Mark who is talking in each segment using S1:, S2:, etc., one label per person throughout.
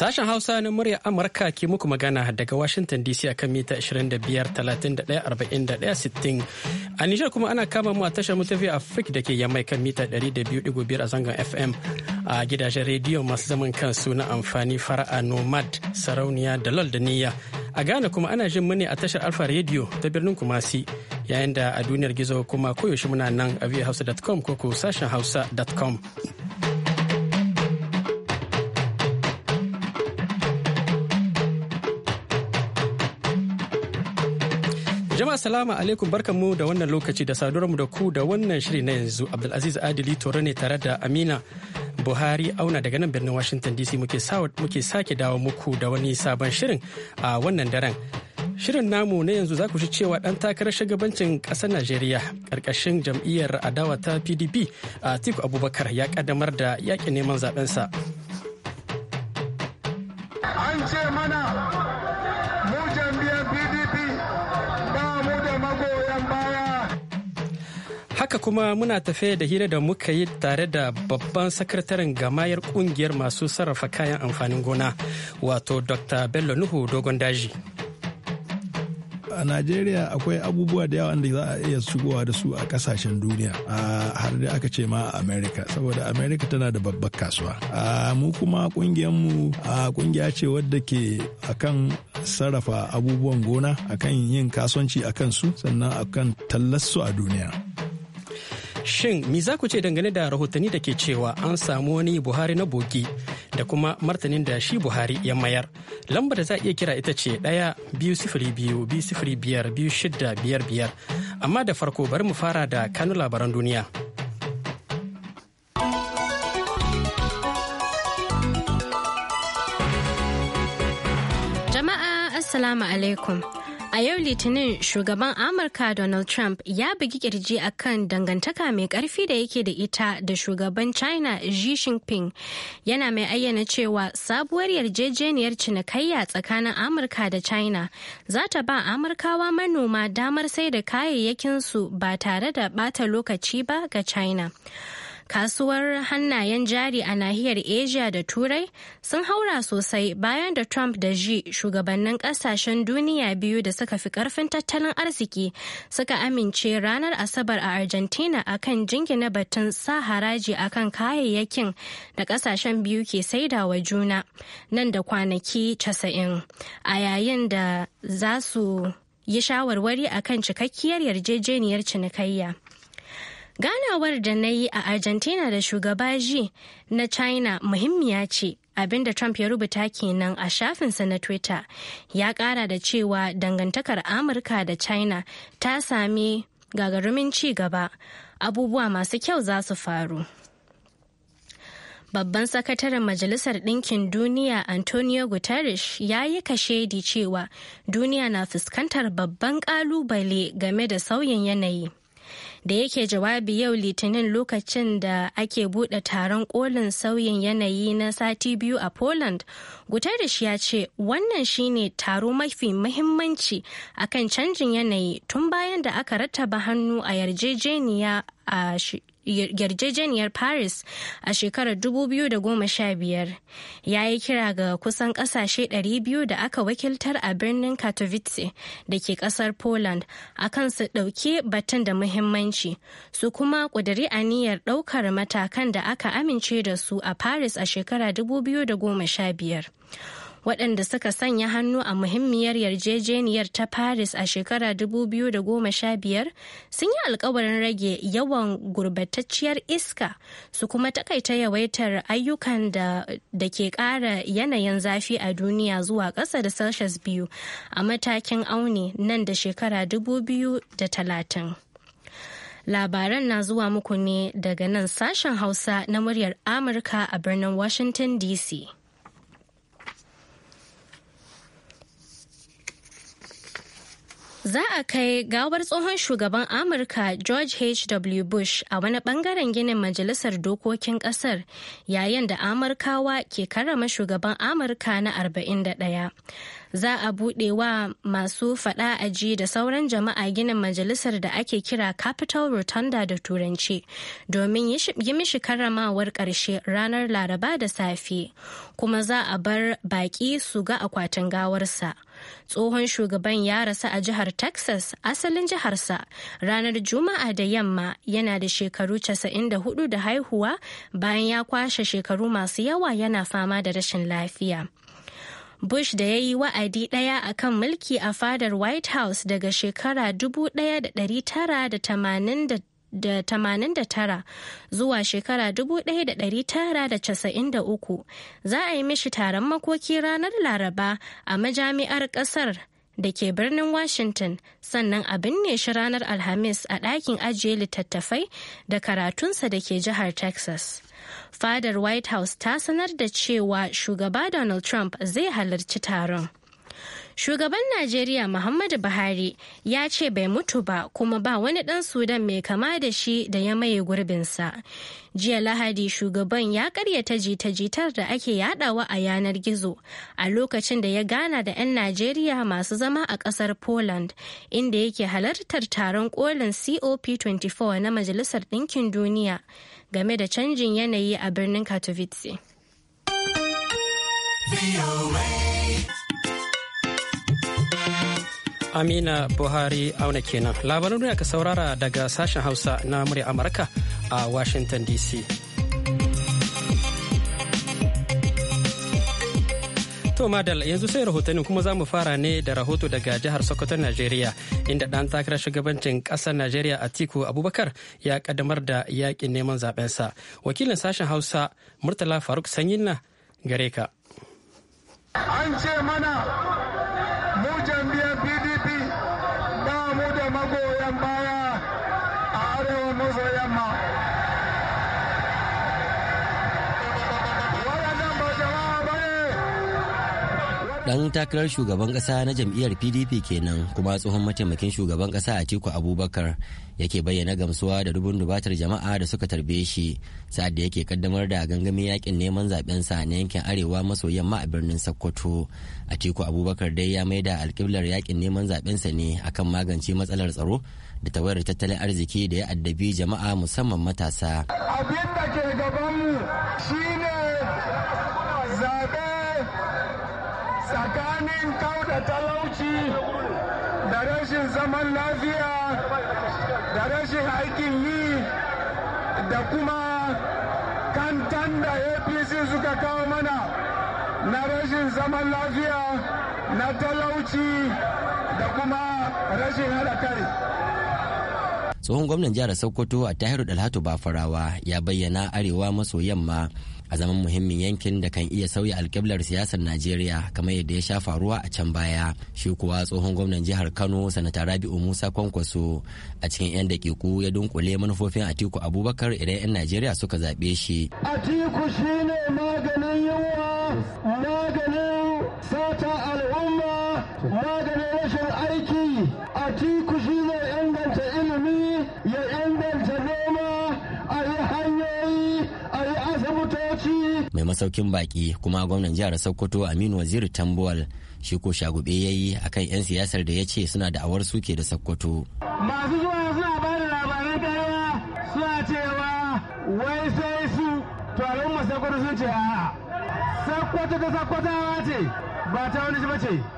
S1: Sashen Hausa na murya Amurka ke muku magana daga Washington DC a kan mita 25-31-41-60. A Nijar kuma ana kama mu a tashar mutafi Afrik da ke yammai kan mita 200.5 a zangon FM a gidajen rediyo masu zaman kansu na amfani fara'a Nomad, Sarauniya da Lol da Niyya. A Ghana kuma ana jin mu ne a tashar Alfa Radio ta birnin Kumasi yayin da a duniyar gizo kuma koyaushe muna nan a viahausa.com ko ko sashen hausa.com. Jama'a salamu alaikum barkanmu da wannan lokaci da saduwar mu da ku da wannan shiri na yanzu Abdulaziz Adili Toro ne tare da Amina Buhari auna daga nan birnin Washington DC muke sake dawo muku da wani sabon shirin a wannan daren. Shirin namu na yanzu za ku shi cewa dan takarar shugabancin ƙasar Najeriya ƙarƙashin jam'iyyar adawa ta PDP a Atiku Abubakar ya ƙaddamar da yaƙin neman zaɓensa. haka kuma muna tafe da hira da muka yi tare da babban sakataren gamayar kungiyar masu sarrafa kayan amfanin gona wato dr bello nuhu dogon daji
S2: a najeriya akwai abubuwa da yawa da za a iya shigowa da su a kasashen duniya har da aka ce ma Amerika, saboda Amerika tana da babbar kasuwa a mu kuma mu kungiya ce wadda ke akan sarrafa abubuwan gona akan yin kasuwanci akan su sannan akan tallasu a duniya
S1: Shin me za ku ce dangane da rahotanni da ke cewa an samu wani Buhari na bogi da kuma martanin da shi Buhari ya mayar? Lambar da za a iya kira ita ce ɗaya biyu sifiri biyu biyu sifiri biyar biyu shidda biyar biyar. Amma da farko bari mu fara da kano labaran duniya.
S3: Jama'a Assalamu alaikum. A yau Litinin shugaban Amurka Donald Trump ya bugi kirji a kan dangantaka mai karfi da yake da ita da shugaban China Xi Jinping yana mai ayyana cewa sabuwar yarjejeniyar cinikayya tsakanin Amurka da China za ta ba Amurkawa manoma damar sai da kayayyakinsu ba tare da bata lokaci ba ga China. kasuwar hannayen jari a nahiyar asia da turai sun haura sosai bayan da trump da ji shugabannin kasashen duniya biyu da suka fi karfin tattalin arziki suka amince ranar asabar a argentina akan jingina batun sa haraji akan kayayyakin da kasashen biyu ke wa juna nan da kwanaki 90 a yayin da za su yi shawarwari akan cikakkiyar yarjejeniyar cinikayya. ganawar da na yi a argentina da shugaba ji na china muhimmiya ce abinda trump ya rubuta kenan a shafinsa na twitter ya kara da cewa dangantakar amurka da china ta sami gagarumin ci gaba abubuwa masu kyau za su faru Babban sakataren Majalisar Ɗinkin Duniya Antonio Guterres ya yi kashedi cewa duniya na fuskantar babban ƙalubale game da sauyin yanayi. da yake jawabi yau litinin lokacin da ake buɗe taron kolin sauyin yanayi na sati biyu a poland guterres ya ce wannan shine taro mafi mahimmanci akan canjin yanayi tun bayan da aka rattaba hannu a yarjejeniya a yarjejeniyar paris a shekarar 2015 ya yi kira ga kusan kasashe 200 da aka wakiltar a birnin katowice da ke kasar poland a kan su dauke batun da muhimmanci su kuma a aniyar daukar matakan da aka amince da su a paris a shekarar 2015 waɗanda suka sanya hannu a muhimmiyar yarjejeniyar ta paris a shekara 2015 sun yi alkawarin rage yawan gurbatacciyar iska su kuma takaita yawaitar ayyukan da ke ƙara yanayin zafi a duniya zuwa ƙasa da celsius biyu a matakin auni nan da shekara 2030 labaran na zuwa muku ne daga nan sashen hausa na muryar amurka a birnin washington dc Za a kai gawar tsohon shugaban Amurka George H.W. Bush a wani bangaren ginin Majalisar Dokokin Kasar yayin da Amurkawa ke karrama shugaban Amurka na 41. Za a buɗe wa masu faɗa aji da sauran jama'a ginin majalisar da ake kira Capital Rotunda da Turanci domin yi mishi karramawar ƙarshe ranar Laraba da safe, kuma za a bar baƙi su ga akwatin gawarsa. tsohon shugaban ya rasu a jihar texas asalin jiharsa ranar juma'a da yamma yana da shekaru 94 da haihuwa bayan ya kwashe shekaru masu yawa yana fama da rashin lafiya Bush da ya yi wa'adi ɗaya a kan mulki a fadar White House daga shekara 1980 da tamanin da tara zuwa shekara dubu ɗaya da ɗari tara da casa'in da uku za a yi mishi taron makoki ranar laraba a majami'ar ƙasar da ke birnin washington sannan a binne shi ranar alhamis a ɗakin ajiye littattafai da karatunsa da ke jihar texas fadar white house ta sanar da cewa shugaba donald trump zai halarci taron Shugaban Najeriya Muhammadu Buhari ya ce bai mutu ba kuma ba wani ɗan Sudan mai kama da shi da ya maye gurbinsa. Jiya Lahadi shugaban ya karyata jita-jitar da ake yadawa a yanar gizo a lokacin da ya gana da 'yan Najeriya masu zama a ƙasar Poland inda yake halartar taron kolin COP24 na Majalisar Ɗinkin Duniya game da canjin yanayi a birnin Katowice.
S1: Amina Buhari auna kenan. Labarin duniya ka saurara daga sashen Hausa na murya Amurka a Washington DC. To Madal yanzu sai rahotanni kuma zamu fara ne da rahoto daga jihar Sokoto Najeriya inda ɗan takarar shugabancin ƙasar Najeriya Atiku Abubakar ya kaddamar da yakin neman zaɓensa. Wakilin sashen Hausa Murtala Faruk Sanyinna gare ka.
S4: An ce mana mu
S5: dan takarar shugaban kasa na jam'iyyar pdp kenan kuma tsohon mataimakin shugaban kasa a tiku abubakar yake bayyana gamsuwa da dubun dubatar jama'a da suka tarbe shi sa'ad da yake kaddamar da gangamin yakin neman zaben sa na yankin arewa maso yamma a birnin sokoto a tiku abubakar dai ya maida alƙiblar yakin neman zaben sa ne akan magance matsalar tsaro da tawayar tattalin arziki da ya addabi jama'a musamman matasa
S4: abin da ke gabanmu shine zaɓe tsakanin kauda talauci da rashin zaman lafiya da rashin aikin yi da kuma kantan da apc suka kawo mana na rashin zaman lafiya na talauci da kuma rashin haɗa kai
S5: tsohon gwamnan jihar sokoto a tahiru dalhatu farawa ya bayyana arewa maso yamma a zaman muhimmin yankin da kan iya sauya alkiblar siyasar najeriya kamar yadda ya sha faruwa a can baya shi kuwa tsohon gwamnan jihar kano sanata rabi'u musa kwankwaso a cikin 'yan dakiku ya dunkule manufofin atiku abubakar idan 'yan najeriya suka zaɓe shi
S4: atiku shine maganin yunwa maganin sata al'umma maganin rashin aiki atiku shine inganta ilimi ya inganta
S5: masaukin baki kuma gwamnan jihar sokoto aminu waziri tambuwal shi ko shagube ya yi akan 'yan siyasar da ya ce suna da awar suke da sokoto
S4: masu zuwa suna ba da labaran karya
S5: suna cewa
S4: wai sai su to al'umma sokoto sun ce a'a sokoto ta sokotawa ce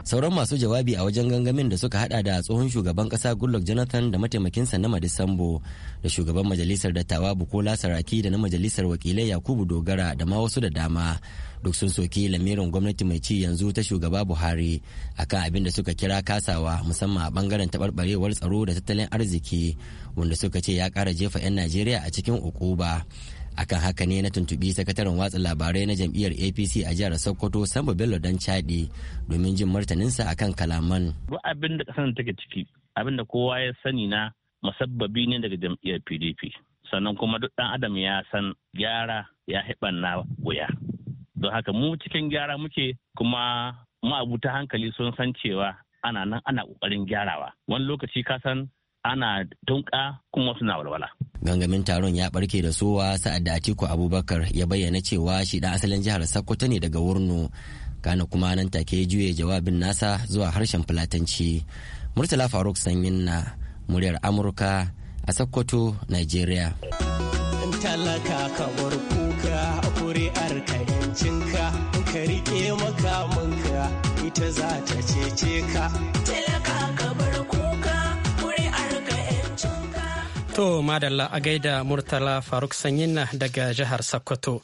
S5: sauran masu jawabi a wajen gangamin da suka hada da tsohon shugaban kasa Goodluck Jonathan da mataimakinsa na Madisambo da shugaban majalisar dattawa Bukola Saraki da na majalisar wakilai Yakubu Dogara da ma wasu da dama duk sun soki lamirin gwamnati mai ci yanzu ta shugaba buhari akan abin da suka kira kasawa musamman a bangaren taɓarɓarewar tsaro da tattalin arziki wanda suka ce ya ƙara jefa 'yan najeriya a cikin ukuba akan haka ne na tuntubi sakataren watsa labarai na jam'iyyar apc a jihar sokoto sambo bello don chadi domin jin martaninsa akan kalaman
S6: duk abin da kasan take ciki abin da kowa ya sani na musabbabi ne daga jam'iyyar pdp sannan kuma duk dan adam ya san gyara ya hibanna wuya don haka mu cikin gyara muke kuma ta hankali sun san cewa ana nan ana kokarin gyarawa wani lokaci ka san ana tunka kuma suna walwala.
S5: Gangamin taron ya barke da suwa sa'ad da Atiku Abubakar ya bayyana cewa shi dan asalin jihar Sokoto ne daga Wurnu, Kana kuma nan take juye jawabin nasa zuwa harshen Fulatanci. Murtala Faruk Sanyin na muryar Amurka a Sokoto, Nigeria. Talaka kamar kuka kuri'ar
S1: ka ka rike makamanka ita za ta cece ka. Talaka kamar To madalla a gaida Murtala Faruk sanyin daga jihar Sokoto.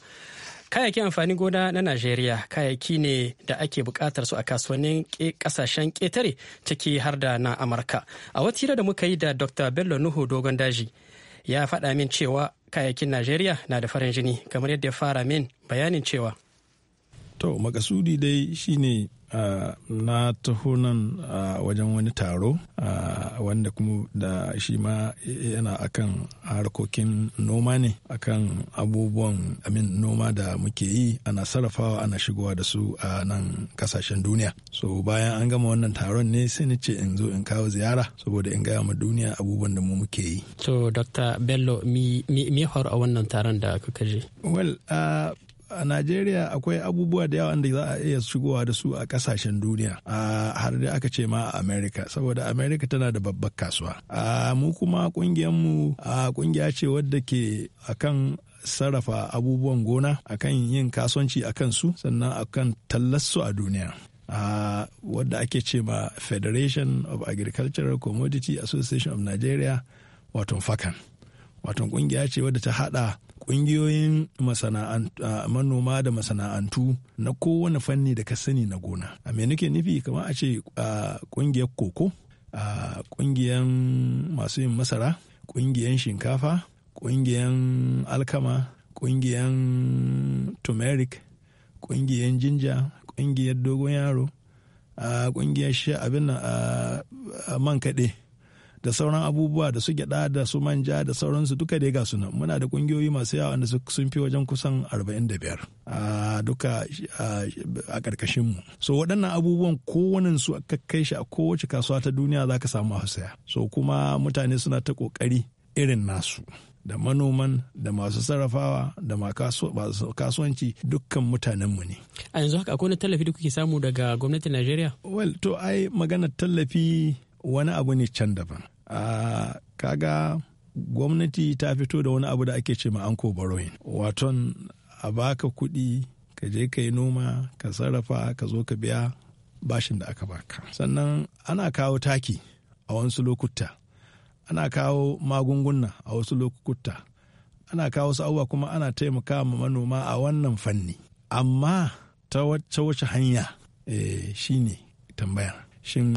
S1: kayayyakin amfanin gona na Najeriya kayayyaki ne da ake bukatar su a kasuwannin kasashen ƙetare ciki har da na Amurka. A wata hira da muka yi da Dr. Bello Nuhu Dogon Daji ya faɗa min cewa kayayyakin Najeriya na da farin jini kamar yadda ya fara min bayanin cewa.
S2: To makasudi dai shine Uh, na taho nan a wajen wani taro uh, wanda kuma da shi ma yana akan harkokin noma ne akan abubuwan amin noma da muke yi ana sarrafawa ana shigowa da su a nan kasashen duniya so bayan an gama wannan taron ne sai ni ce in zo in kawo ziyara saboda in gaya ma duniya abubuwan da mu muke yi
S1: to so, dr bello mi, mi, a wannan taron da kuka je well
S2: a Najeriya akwai abubuwa da yawa da za a iya shigowa da su a kasashen duniya har da aka ce ma a Amerika, saboda Amerika tana da babbar kasuwa a mu kuma kungiyar mu kungiya ce wadda ke akan sarrafa abubuwan gona akan yin kasuwanci akan su sannan akan tallassu a duniya a uh, wadda ake ce ma federation of agricultural commodity association of nigeria wato fakan wato kungiya ce wadda ta hada kungiyoyin manoma da masana'antu na kowane fanni da ka sani na gona a me nake nufi kamar a ce kungiyar koko a kungiyar masu yin masara kungiyar shinkafa kungiyar alkama kungiyar turmeric kungiyar jinja kungiyar dogon yaro kungiyar abin man kaɗe da sauran abubuwa da su gyada da su manja da sauransu duka dai ga suna. muna da kungiyoyi masu yawa wanda sun fi wajen kusan 45 a duka a karkashin mu so waɗannan abubuwan kowanin su aka kai shi a kowace kasuwa ta duniya za ka samu hausaya so kuma mutane suna ta ƙoƙari irin nasu da manoman da masu sarrafawa da masu kasuwanci dukkan mutanenmu ne.
S1: A yanzu haka akwai tallafi da kuke samu daga gwamnatin Najeriya? Well, to
S2: ai maganar tallafi wani abu ne can daban kaga gwamnati ta fito da wani abu da ake ce ma anko borrowing waton a baka kuɗi ka je ka yi noma ka sarrafa ka zo ka biya bashin da aka baka sannan ana kawo taki a wasu lokuta ana kawo magunguna a wasu lokuta ana kawo sa'uwa kuma ana taimaka ma manoma a wannan fanni amma ta wacce wace hanya e, eh, shi ne tambayar shin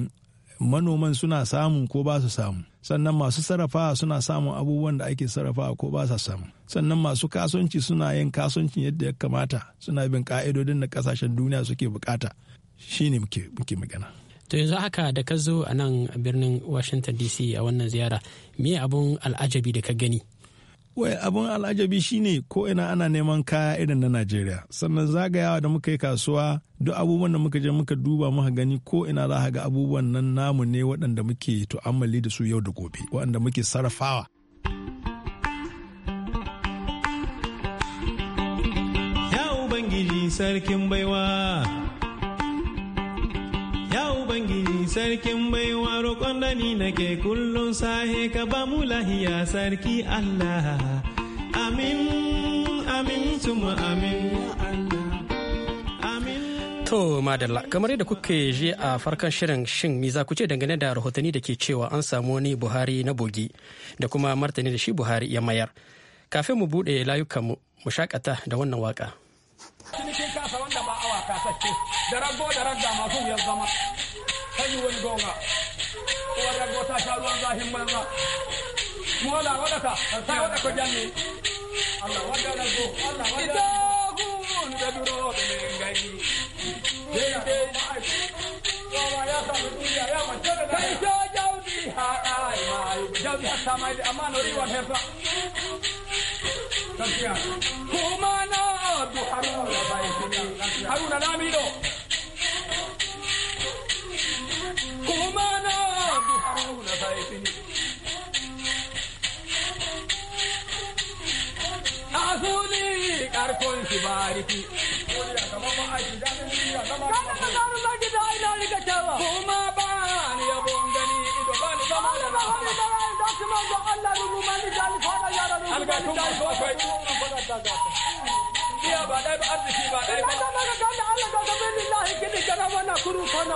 S2: manoman suna samun ko ba su samu sannan masu sarrafa suna samun abubuwan da ake sarrafa ko ba su samu sannan masu kasuwanci suna yin kasuwancin yadda ya kamata suna bin ka'idodin da kasashen duniya suke bukata shine ne muke magana
S1: to yanzu haka da ka zo a nan birnin washington dc a wannan ziyara me abun al'ajabi da ka gani
S2: wai abin al'ajabi shine ko ina ana neman kaya irin na najeriya sannan zagayawa da muka yi kasuwa duk abubuwan da muka je muka duba muka gani ko ina za ga abubuwan nan namu ne waɗanda muke tu'ammali da su yau da gobe waɗanda muke sarrafawa ya ubangiji sarkin baiwa Ubangiji sarkin baiwa roƙon da nake kullum sahe ka ba mu lahiya sarki Allah. Amin, amin, tuma amin.
S1: To madalla kamar yadda kuke je a farkon shirin shin me za ku ce dangane da rahotanni da ke cewa an samu wani Buhari na bogi da kuma martani da shi Buhari ya mayar. Kafin mu buɗe layukan mu shakata da wannan waka.
S4: Cinikin kasa wanda ba awa da rago ragga masu wuyar zama. kañum woni gonga o gota sa ɗuwanga himmal ma sa waɗa ko janni allah waddaɗal go allah waɗahum ɓe ɗuroɓe men gayi kay so jawdi ha ɗaye maayo jawdi hattamayde amma no du haruna haruna laifin na zuli karkon ki bariki kana magana na kuma ba ni yabon gani ido ba ni zama da na hori da da kuma da Allah rubu mani da ni fara yara rubu albarkun ba ko kai iya ba dai ba arziki ba dai ba kana magana Allah da billahi kidi kana wannan kuru kana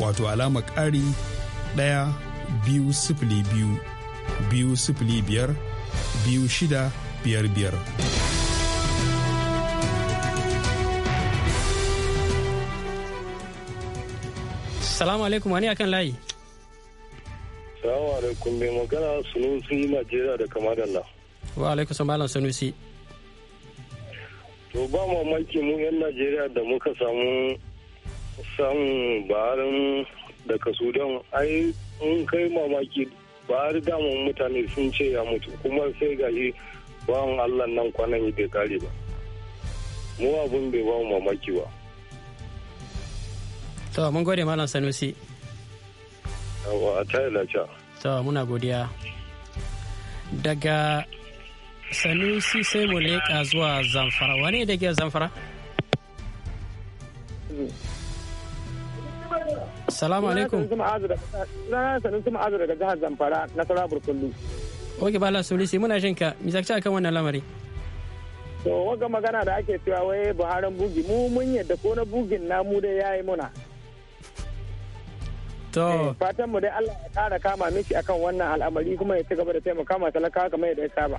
S2: wato alama ƙari ɗaya biyu sifili biyu biyu sifili biyar
S1: biyu shida biyar biyar. Salamu alaikum wani akan layi.
S6: Salamu alaikum mai magana sunusi Najeriya da Kamadalla.
S1: Wa alaikum samalan sunusi.
S6: To ba mamaki mu 'yan Najeriya da muka samu san baharin daga sudan ai in kai mamaki bahar damun mutane sun ce ya mutu kuma sai gashi wa allah nan kwanan bai kare ba mu abin bai ba mamaki ba
S1: to mun gode malam sanusi yawa a to muna godiya daga sanusi sai mu leƙa zuwa zamfara wane daga zamfara Assalamu alaikum.
S6: Sunana sanin daga jihar Zamfara na Burkullu.
S1: Oke Bala muna shan ka, mi akan wannan lamari?
S6: To waga magana da ake cewa wai Buharin bugi mu mun yadda ko na bugin namu dai yayi muna. To. Eh, fatan mu dai Allah ya kara kama miki akan wannan al'amari kuma ya ci gaba da taimaka ma talakawa kamar yadda ya saba.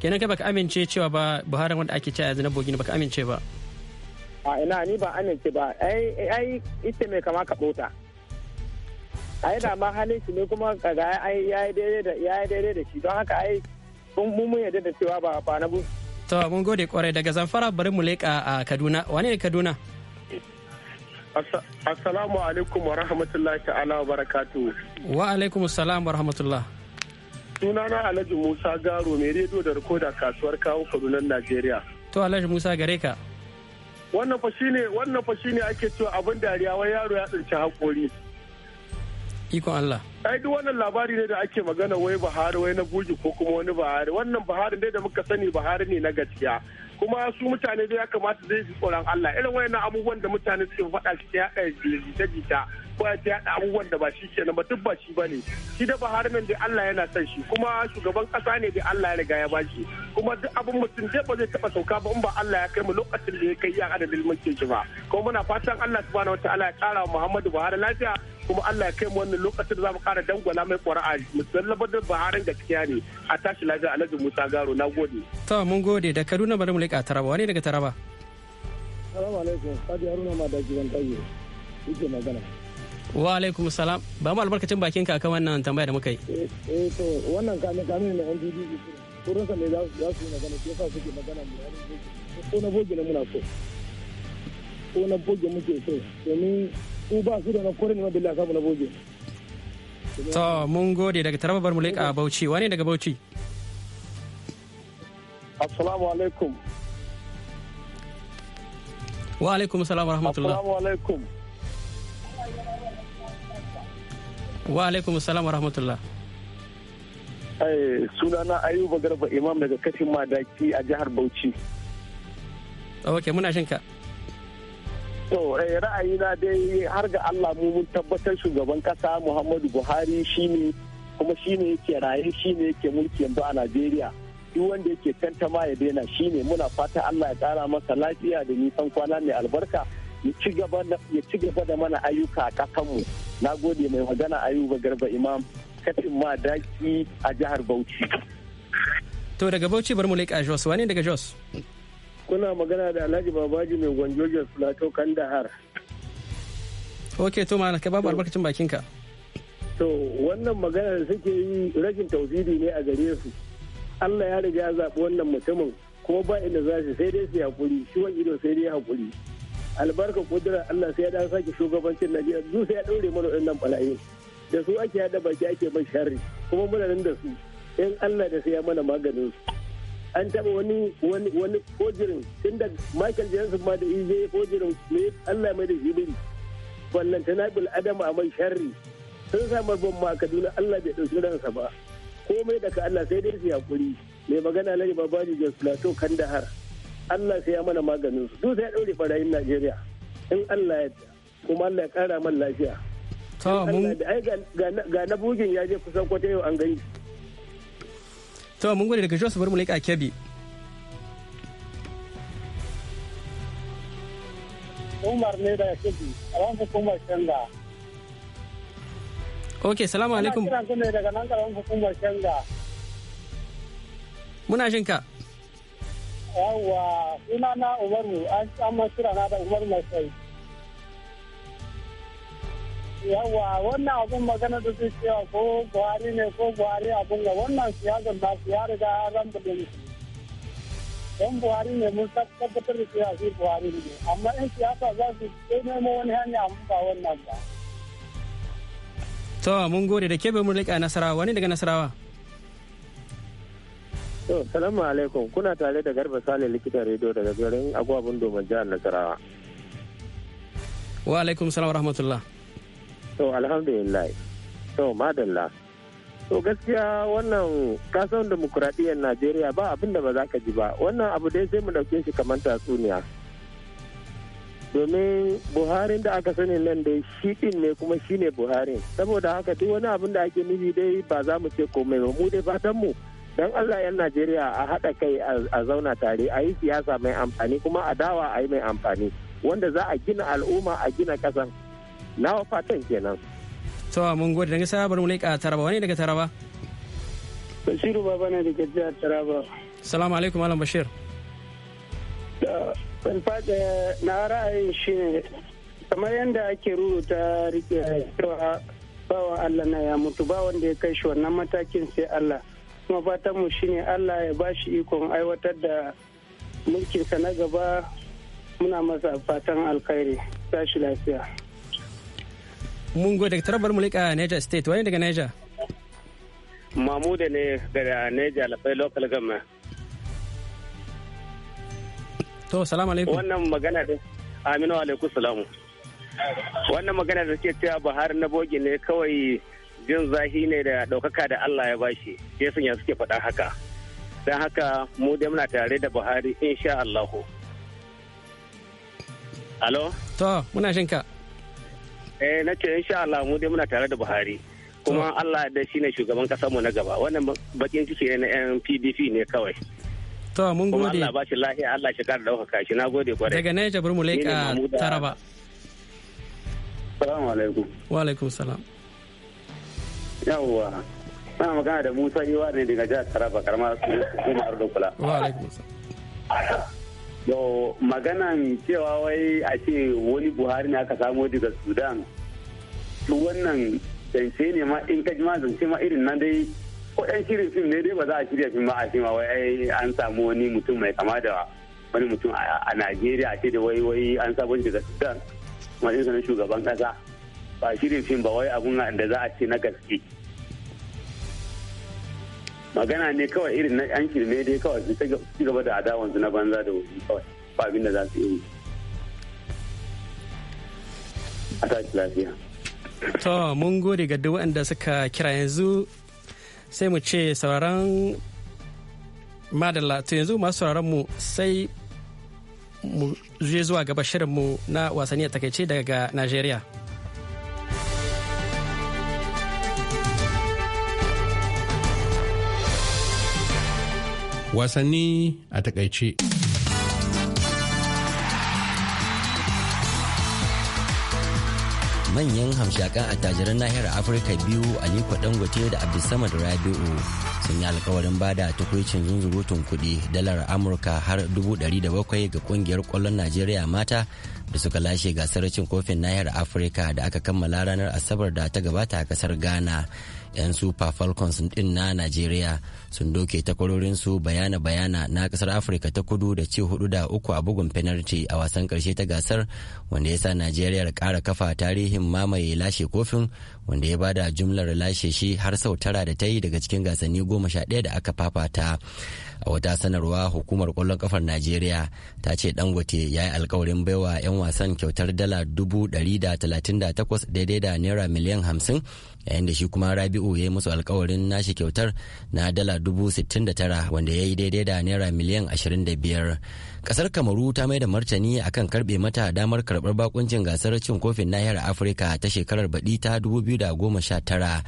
S1: Kenan kai baka amince cewa ba Buharin wanda ake cewa yanzu na bugin baka amince ba.
S6: a ina ni ba amince ba ai ita mai kama ka bota ai da ma halin shi ne kuma kaga ai yayi daidai da daidai da shi don haka ai mun mun yadda da cewa ba ba na bu
S1: to mun gode kwarai daga zamfara bari mu leka a Kaduna wani ne Kaduna
S6: Assalamu alaikum wa rahmatullahi ta'ala wa barakatuhu
S1: wa alaikum assalam wa rahmatullah
S6: sunana Alhaji Musa Garo mai rediyo da rikoda kasuwar kawo Kaduna Najeriya
S1: to Alhaji Musa gare ka
S6: wannan fa shine wannan fa shine ake cewa abin dariya wai yaro ya tsinci hakori iko Allah ai duk wannan labari ne da ake magana wai Buhari wai na buji ko kuma wani Buhari wannan Buhari ne da muka sani Buhari ne na gaskiya kuma su mutane dai ya kamata zai ji tsoron Allah irin wayannan abubuwan da mutane suke faɗa shi ya jita jita baya ta yada abubuwan da ba shi ke ba duk ba shi ba ne shi da Buhari min da Allah yana son shi kuma shugaban ƙasa ne da Allah ya riga ya bashi kuma duk abin mutum dai ba zai taɓa sauka ba in ba Allah ya kai mu lokacin da ya kai ya adadin mulkin shi ba kuma muna fatan Allah subhanahu wataala ya kara Muhammadu Buhari lafiya kuma Allah ya kai mu wannan lokacin da za mu kara dangwala mai ƙwara'a da labarin da gaskiya ne a tashi lafiya Alhaji Musa Garo na gode.
S1: To mun gode da Kaduna bari mu leƙa Taraba wani daga Taraba.
S6: Salamu alaikum Haji Haruna Madaji Bantaye ike magana.
S1: wa alaikum salam ba mu albarkacin bakin ka kan wannan tambaya da muka yi
S6: eh, eh, to wannan kame kame na NDD kurin sa ne za su yi magana ke sa suke magana mu ko na boge ne muna so ko na boge muke so domin ku ba su da na kore ne wanda lafa mu na boge
S1: to mun gode daga tarafa bar mu leka Bauchi wane daga Bauchi assalamu alaikum wa alaikum salam wa rahmatullah assalamu alaikum wa alaikum salam wa rahmatullah
S6: sunana ayuba garba imam daga kashin madaki a jihar bauchi ok muna shinka to eh, ra'ayina dai har ga allah mu mun tabbatar shugaban kasa muhammadu buhari shine kuma shine yake raye shine yake mulki yanzu a najeriya duk wanda yake ma ya daina shine muna fata allah ya kara masa lafiya da nisan kwana mai albarka ya ci gaba da mana ayyuka a kasanmu. mu na gode mai magana ayuba garba imam katin ma daki a jihar bauchi
S1: to daga bauchi bar mu a jos wani daga jos
S6: kuna magana da alhaji babaji mai gwanjojin jos plateau kandahar
S1: ok to ma ka babu albarkacin bakinka
S6: to wannan magana da suke yi rashin tausiri ne a gare su allah ya riga ya zaɓi wannan mutumin kuma ba inda za su sai dai su haƙuri shi wani ido sai dai haƙuri albarka kudura Allah sai ya dan sake shugabancin Najeriya su sai ya daure mana wannan balayin. da su ake hada baki ake mai sharri kuma muna nan da su in Allah da sai ya mana maganin su an taba wani wani wani kojirin tunda Michael Jensen ma da ije kojirin ne Allah mai da jibiri ballantana bil adama a mai sharri sun sa marbon ma Kaduna Allah bai dauki ransa ba komai daga Allah sai dai su hakuri mai magana Alhaji Babaji Jos Plateau Kandahar Allah sai ya mana maganin su duk sai ya daure farayin Najeriya in Allah ya kuma Allah ya kara man lafiya to ai ga na bugin ya je kusan kwata yau an gani
S1: to mun gode daga Jos bari mu leka kebi.
S6: Umar ne da Kebbi ran hukumar Shanga
S1: Ok, salamu alaikum. Ana
S6: kiran ne daga nan karamar hukumar Shanga.
S1: Muna shinka. ka.
S6: Yawwa, ina na Umaru, an samun shira na da Umaru mai sai. Yawwa, wannan abun magana da su cewa ko Buhari ne ko Buhari abun ga wannan siyasar ba su ya riga ya zan da Don Buhari ne mun tabbatar da cewa su Buhari ne, amma in siyasa za su nemo wani hanya amma ba wannan ba.
S1: To, mun gode da kebe mun riƙa nasarawa, wani daga nasarawa?
S6: To, salamu alaikum kuna tare da garba sale likitan rediyo daga garin agwabin domin jihar
S1: Nasarawa. Wa alaikum salam rahmatullah.
S6: To, alhamdulillah. To, madalla. To, gaskiya wannan kasan demokuraɗiyyar Najeriya ba abin da ba za ka ji ba. Wannan abu dai sai mu ɗauke shi kamar tatsuniya. domin buharin da aka sani nan dai shi din ne kuma shi ne buharin saboda haka duk wani abin da ake nufi dai ba za mu ce komai ba mu dai fatan mu don Allah 'yan Najeriya a haɗa kai a zauna tare a yi siyasa mai amfani kuma a dawa a yi mai amfani wanda za a gina al'umma a gina ƙasan nawa fatan kenan.
S1: to mun gode daga sabar bari mu leƙa taraba wani daga taraba.
S6: bashiru baba ne daga jihar taraba.
S1: salamu alaikum alam bashir.
S6: da na ra'ayin shi ne kamar yadda ake rubuta rike cewa bawa Allah na ya mutu ba wanda ya kai shi wannan matakin sai Allah kuma fatanmu shi shine Allah ya bashi ikon aiwatar da mulkinsa na gaba muna masa fatan alkhairi shi lafiya
S1: mun daga ka mulika Niger State wani daga Niger
S6: Mamuda ne daga Niger Lafai local government
S1: to salamu alaikum wannan
S6: magana da aminu alaikum salamu wannan magana da ke cewa Buhari na bogi ne kawai jin zahi ne da ɗaukaka da Allah ya bashi shi sun ya suke faɗa haka don haka mu dai muna tare da Buhari insha Allahu
S1: Alo to muna shinka
S6: eh na ce insha Allah mu dai muna tare da Buhari kuma Allah da shi ne shugaban kasar mu na gaba wannan bakin ciki ne na yan PDP ne kawai
S1: to mun gode kuma Allah ba
S6: shi lahiya Allah shi kara ɗaukaka shi na gode kwarai daga Niger bar mu leƙa Taraba
S1: salamu alaikum. Wa alaikum salam.
S6: yawwa na magana da musa iwa ne daga jihar taraba karama kuma ardo kula yau maganan cewa wai a ce wani buhari ne aka samo daga sudan su wannan zance ne ma in ka ma zance ma irin nan dai ko ɗan shirin fim ne dai ba za a shirya fim ba a cewa wai an samu wani mutum mai kama da wani mutum a najeriya a ce da wai wai an samu daga sudan na shugaban kasa ba shirin fim ba wai abun da za a ce na gaske magana ne kawai irin na yan kirme dai kawai su ci gaba da adawansu na banza da wuri kawai ba abin da za su yi a tashi lafiya
S1: to mun gode ga duk waɗanda suka kira yanzu sai mu ce sauraron madalla to yanzu masu sauraron mu sai mu je zuwa gaba shirinmu na wasanni a takaice daga Najeriya.
S5: wasanni a takaice. manyan hamshakan attajiran nahiyar afirka biyu aliko dangote da abdulsamad rabi'u sun yi alkawarin bada tukwicin zunzurutun kudi dalar amurka har 700,000 ga kungiyar kwallon najeriya mata da suka lashe gasar cin kofin nahiyar afirka da aka kammala ranar asabar da ta gabata a kasar ghana 'yan super falcons din na najeriya sun doke takwarorinsu bayana bayana na kasar afirka ta kudu da ci hudu da uku a bugun penalty a wasan karshe ta gasar wanda ya sa najeriya kara kafa tarihin mamaye lashe kofin wanda ya bada jumlar lashe shi har sau tara da ta yi daga cikin gasanni goma sha ɗaya da aka fafata a wata sanarwa hukumar kwallon kafar najeriya ta ce dangote ya yi alkawarin baiwa 'yan wasan kyautar dala dubu ɗari da talatin da takwas daidai da naira miliyan hamsin yayin da shi kuma rabi'u ya yi musu alkawarin nashi kyautar na dala dubu sittin da tara wanda ya yi daidai da naira miliyan ashirin da biyar kasar kamaru ta mai da martani akan karbe mata damar karbar bakuncin gasar cin kofin nahiyar afirka ta shekarar baɗi ta dubu 2019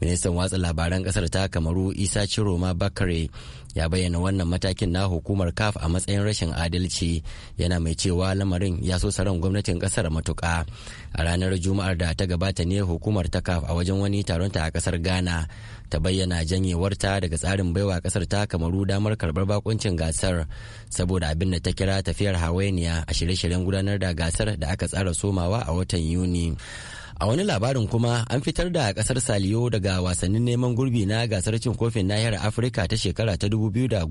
S5: ministan watsa labaran kasar ta kamaru isa ciroma bakare ya bayyana wannan matakin na hukumar caf a matsayin rashin adalci yana mai cewa lamarin ya so saran gwamnatin kasar matuka a ranar juma'ar da ta gabata ne hukumar ta caf a wajen wani taron ta a kasar ghana ta bayyana janyewarta daga tsarin baiwa kasar ta kamaru damar karbar bakuncin gasar saboda abin da ta kira tafiyar hawainiya a shirye-shiryen gudanar da gasar da aka tsara somawa a watan yuni a wani labarin kuma an fitar da kasar saliyo daga wasannin neman gurbi na gasar cin kofin nahiyar afirka ta shekara ta 2019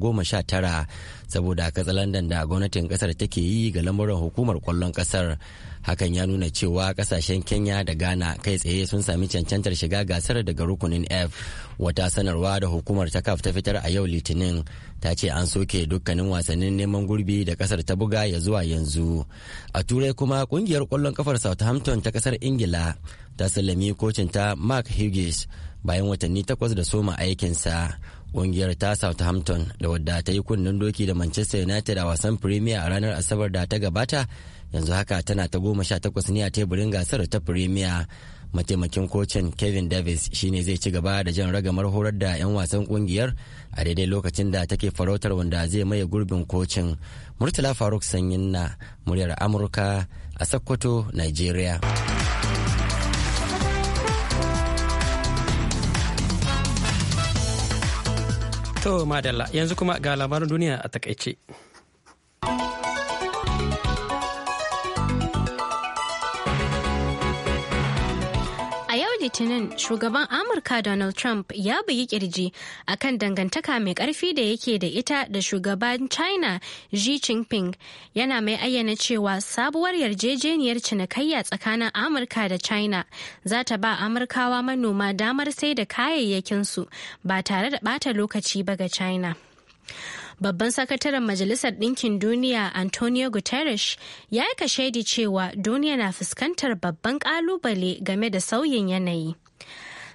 S5: saboda katsalandan da gwamnatin kasar take yi ga lamuran hukumar kwallon kasar hakan ya nuna cewa kasashen kenya da ghana kai tsaye sun sami cancantar shiga gasar daga rukunin f wata sanarwa da hukumar ta kaf ta fitar a yau litinin ta ce an soke dukkanin wasannin neman gurbi da kasar ta buga ya zuwa yanzu a turai kuma kungiyar kwallon kafar southampton ta kasar ingila ta sallami kocin ta mark hughes bayan watanni takwas da soma aikinsa kungiyar ta southampton da wadda ta yi kunnen doki da manchester united a wasan premier a ranar asabar da ta gabata yanzu haka tana ta goma sha takwas ne a teburin gasar ta firimiya mataimakin kocin kevin davis shine zai ci gaba da jan ragamar horar da 'yan wasan kungiyar a daidai lokacin da take farautar wanda zai maye gurbin kocin murtala faruk sanyin na muryar amurka a sokoto nigeria to madalla
S1: yanzu kuma ga labarin duniya a takaice
S3: Litinin shugaban Amurka Donald Trump ya bayi kirji kan dangantaka mai karfi da yake da ita da shugaban China Xi Jinping yana mai ayyana cewa sabuwar yarjejeniyar cinikayya tsakanin Amurka da China za ta ba Amurkawa manoma damar sai da kayayyakinsu ba tare da bata lokaci ba ga China. Babban sakataren Majalisar Ɗinkin Duniya Antonio Guterres ya yi shaidi cewa duniya na fuskantar babban ƙalubale game da sauyin yanayi.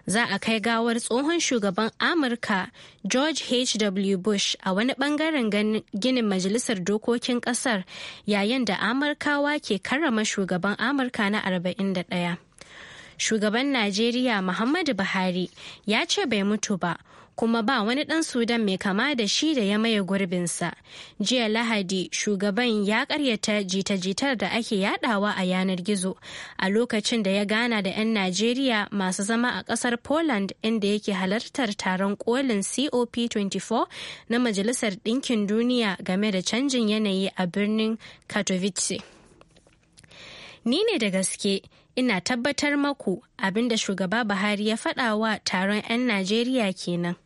S3: Za a kai gawar tsohon shugaban Amurka George H.W. Bush a wani bangaren ginin Majalisar Dokokin Ƙasar yayin da Amurkawa ke karrama shugaban Amurka na 41. Shugaban Najeriya Muhammadu Buhari ya ce bai mutu ba. kuma ba wani ɗan sudan mai kama da shi da ya maye gurbinsa jiya lahadi shugaban ya karyata jita-jitar da ake yadawa a yanar gizo a lokacin da ya gana da 'yan najeriya masu zama a ƙasar poland inda yake halartar taron kolin cop 24 na majalisar ɗinkin duniya game da canjin yanayi a birnin katowice ni ne da gaske ina tabbatar maku abinda shugaba buhari ya faɗa wa taron 'yan najeriya kenan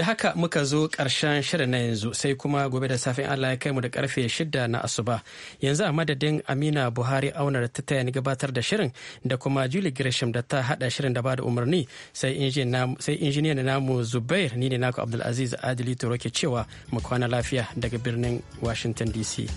S1: da haka muka zo ƙarshen shirin na yanzu sai kuma gobe da safin Allah ya kai mu da karfe shida na asuba yanzu a madadin Amina Buhari aunar ta taya gabatar da shirin da kuma Julie Gresham da ta hada shirin da ba da umarni sai injiniya na namu Zubair ni ne naku Abdulaziz Adili Turo ke cewa mu kwana lafiya daga birnin Washington DC.